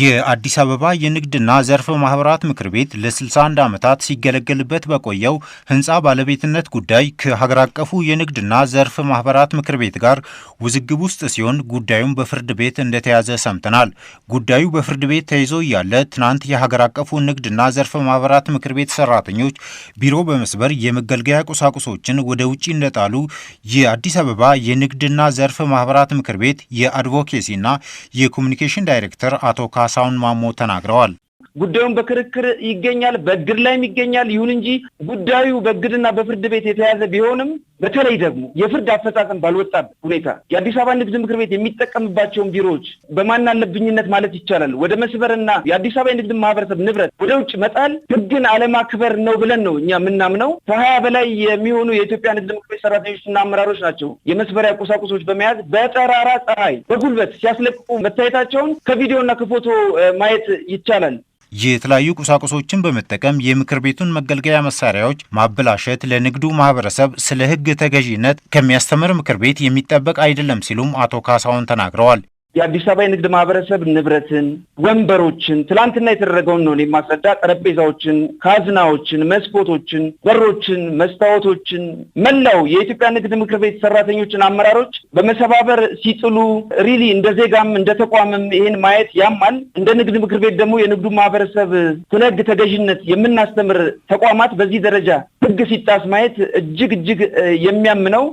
የአዲስ አበባ የንግድና ዘርፍ ማህበራት ምክር ቤት ለ61 ዓመታት ሲገለገልበት በቆየው ህንፃ ባለቤትነት ጉዳይ ከሀገር አቀፉ የንግድና ዘርፍ ማህበራት ምክር ቤት ጋር ውዝግብ ውስጥ ሲሆን ጉዳዩም በፍርድ ቤት እንደተያዘ ሰምተናል። ጉዳዩ በፍርድ ቤት ተይዞ እያለ ትናንት የሀገር አቀፉ ንግድና ዘርፍ ማህበራት ምክር ቤት ሰራተኞች ቢሮ በመስበር የመገልገያ ቁሳቁሶችን ወደ ውጭ እንደጣሉ የአዲስ አበባ የንግድና ዘርፍ ማህበራት ምክር ቤት የአድቮኬሲና የኮሚኒኬሽን ዳይሬክተር አቶ ካሳውን ማሞ ተናግረዋል። ጉዳዩን በክርክር ይገኛል፣ በእግድ ላይም ይገኛል። ይሁን እንጂ ጉዳዩ በእግድና በፍርድ ቤት የተያዘ ቢሆንም በተለይ ደግሞ የፍርድ አፈጻጸም ባልወጣበት ሁኔታ የአዲስ አበባ ንግድ ምክር ቤት የሚጠቀምባቸውን ቢሮዎች በማናለብኝነት ማለት ይቻላል ወደ መስበርና የአዲስ አበባ የንግድ ማህበረሰብ ንብረት ወደ ውጭ መጣል ህግን አለማክበር ነው ብለን ነው እኛ የምናምነው። ከሀያ በላይ የሚሆኑ የኢትዮጵያ ንግድ ምክር ቤት ሰራተኞችና አመራሮች ናቸው የመስበሪያ ቁሳቁሶች በመያዝ በጠራራ ፀሐይ በጉልበት ሲያስለቅቁ መታየታቸውን ከቪዲዮና ከፎቶ ማየት ይቻላል። የተለያዩ ቁሳቁሶችን በመጠቀም የምክር ቤቱን መገልገያ መሳሪያዎች ማበላሸት ለንግዱ ማህበረሰብ ስለ ህግ ተገዢነት ከሚያስተምር ምክር ቤት የሚጠበቅ አይደለም ሲሉም አቶ ካሳሁን ተናግረዋል። የአዲስ አበባ የንግድ ማህበረሰብ ንብረትን፣ ወንበሮችን፣ ትላንትና የተደረገውን ነው የማስረዳ። ጠረጴዛዎችን፣ ካዝናዎችን፣ መስኮቶችን፣ በሮችን፣ መስታወቶችን መላው የኢትዮጵያ ንግድ ምክር ቤት ሰራተኞችን አመራሮች በመሰባበር ሲጥሉ ሪሊ እንደ ዜጋም እንደ ተቋምም ይህን ማየት ያማል። እንደ ንግድ ምክር ቤት ደግሞ የንግዱ ማህበረሰብ ስለ ህግ ተገዥነት የምናስተምር ተቋማት በዚህ ደረጃ ህግ ሲጣስ ማየት እጅግ እጅግ የሚያምነው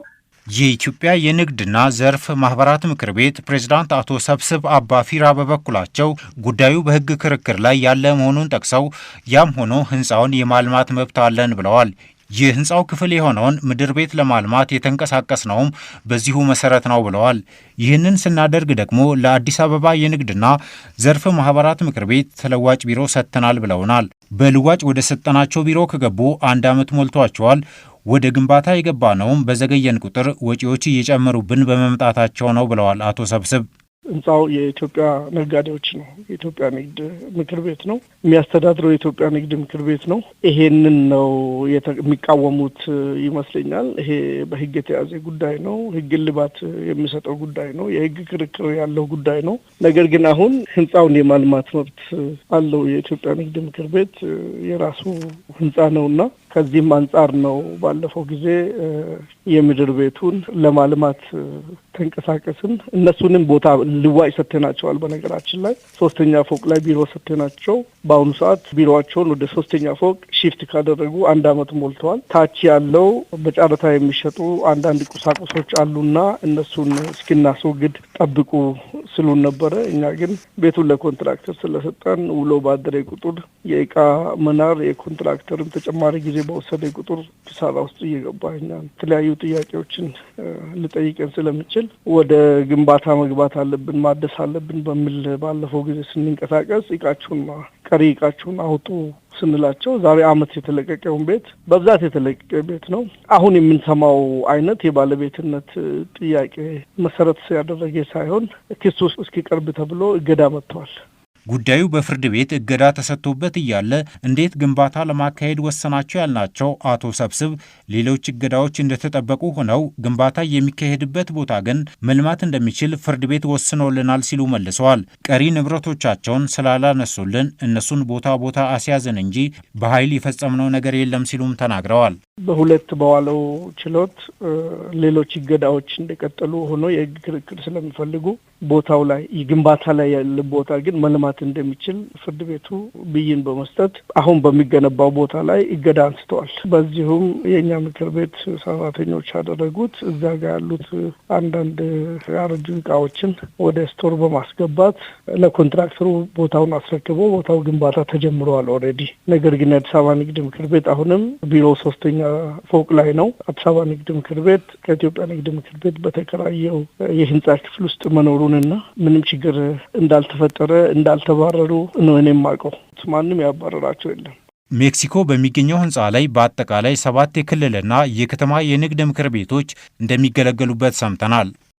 የኢትዮጵያ የንግድና ዘርፍ ማህበራት ምክር ቤት ፕሬዝዳንት አቶ ሰብስብ አባፊራ በበኩላቸው ጉዳዩ በሕግ ክርክር ላይ ያለ መሆኑን ጠቅሰው ያም ሆኖ ህንፃውን የማልማት መብት አለን ብለዋል። የህንፃው ክፍል የሆነውን ምድር ቤት ለማልማት የተንቀሳቀስ ነውም በዚሁ መሰረት ነው ብለዋል። ይህንን ስናደርግ ደግሞ ለአዲስ አበባ የንግድና ዘርፍ ማህበራት ምክር ቤት ተለዋጭ ቢሮ ሰጥተናል ብለውናል። በልዋጭ ወደ ሰጠናቸው ቢሮ ከገቡ አንድ ዓመት ሞልቷቸዋል። ወደ ግንባታ የገባ ነውም በዘገየን ቁጥር ወጪዎች እየጨመሩብን በመምጣታቸው ነው ብለዋል አቶ ሰብስብ። ህንፃው የኢትዮጵያ ነጋዴዎች ነው። የኢትዮጵያ ንግድ ምክር ቤት ነው የሚያስተዳድረው። የኢትዮጵያ ንግድ ምክር ቤት ነው። ይሄንን ነው የሚቃወሙት ይመስለኛል። ይሄ በህግ የተያዘ ጉዳይ ነው። ህግ እልባት የሚሰጠው ጉዳይ ነው። የህግ ክርክር ያለው ጉዳይ ነው። ነገር ግን አሁን ህንፃውን የማልማት መብት አለው የኢትዮጵያ ንግድ ምክር ቤት የራሱ ህንፃ ነውና ከዚህም አንጻር ነው ባለፈው ጊዜ የምድር ቤቱን ለማልማት ተንቀሳቀስን። እነሱንም ቦታ ልዋጭ ሰጥተናቸዋል። በነገራችን ላይ ሶስተኛ ፎቅ ላይ ቢሮ ሰጥተናቸው በአሁኑ ሰዓት ቢሮቸውን ወደ ሶስተኛ ፎቅ ሺፍት ካደረጉ አንድ ዓመት ሞልተዋል። ታች ያለው በጨረታ የሚሸጡ አንዳንድ ቁሳቁሶች አሉና እነሱን እስክናስወግድ ጠብቁ ስሉን ነበረ። እኛ ግን ቤቱን ለኮንትራክተር ስለሰጠን ውሎ ባደረ ቁጥር የእቃ መናር የኮንትራክተርም ተጨማሪ ጊዜ በወሰደ ቁጥር ኪሳራ ውስጥ እየገባ እኛ የተለያዩ ጥያቄዎችን ልጠይቀን ስለምችል ወደ ግንባታ መግባት አለብን ማደስ አለብን በሚል ባለፈው ጊዜ ስንንቀሳቀስ እቃችሁን ቀሪ እቃችሁን አውጡ ስንላቸው ዛሬ አመት የተለቀቀውን ቤት በብዛት የተለቀቀ ቤት ነው። አሁን የምንሰማው አይነት የባለቤትነት ጥያቄ መሰረት ያደረገ ሳይሆን ኪሱ እስኪቀርብ ተብሎ እገዳ መጥተዋል። ጉዳዩ በፍርድ ቤት እገዳ ተሰጥቶበት እያለ እንዴት ግንባታ ለማካሄድ ወሰናቸው ያልናቸው አቶ ሰብስብ ሌሎች እገዳዎች እንደተጠበቁ ሆነው ግንባታ የሚካሄድበት ቦታ ግን መልማት እንደሚችል ፍርድ ቤት ወስኖልናል ሲሉ መልሰዋል። ቀሪ ንብረቶቻቸውን ስላላነሱልን እነሱን ቦታ ቦታ አስያዝን እንጂ በኃይል የፈጸምነው ነገር የለም ሲሉም ተናግረዋል። በሁለት በዋለው ችሎት ሌሎች እገዳዎች እንደቀጠሉ ሆኖ የህግ ክርክር ስለሚፈልጉ ቦታው ላይ ግንባታ ላይ ያለ ቦታ ግን መልማት እንደሚችል ፍርድ ቤቱ ብይን በመስጠት አሁን በሚገነባው ቦታ ላይ እገዳ አንስተዋል። በዚሁም የእኛ ምክር ቤት ሰራተኞች ያደረጉት እዛ ጋር ያሉት አንዳንድ ያረጁ እቃዎችን ወደ ስቶር በማስገባት ለኮንትራክተሩ ቦታውን አስረክቦ ቦታው ግንባታ ተጀምረዋል ኦልሬዲ። ነገር ግን የአዲስ አበባ ንግድ ምክር ቤት አሁንም ቢሮ ሶስተኛ ፎቅ ላይ ነው። አዲስ አበባ ንግድ ምክር ቤት ከኢትዮጵያ ንግድ ምክር ቤት በተከራየው የህንፃ ክፍል ውስጥ መኖሩንና ምንም ችግር እንዳልተፈጠረ እንዳልተባረሩ ነው እኔ የማውቀው ማንም ያባረራቸው የለም። ሜክሲኮ በሚገኘው ህንፃ ላይ በአጠቃላይ ሰባት የክልልና የከተማ የንግድ ምክር ቤቶች እንደሚገለገሉበት ሰምተናል።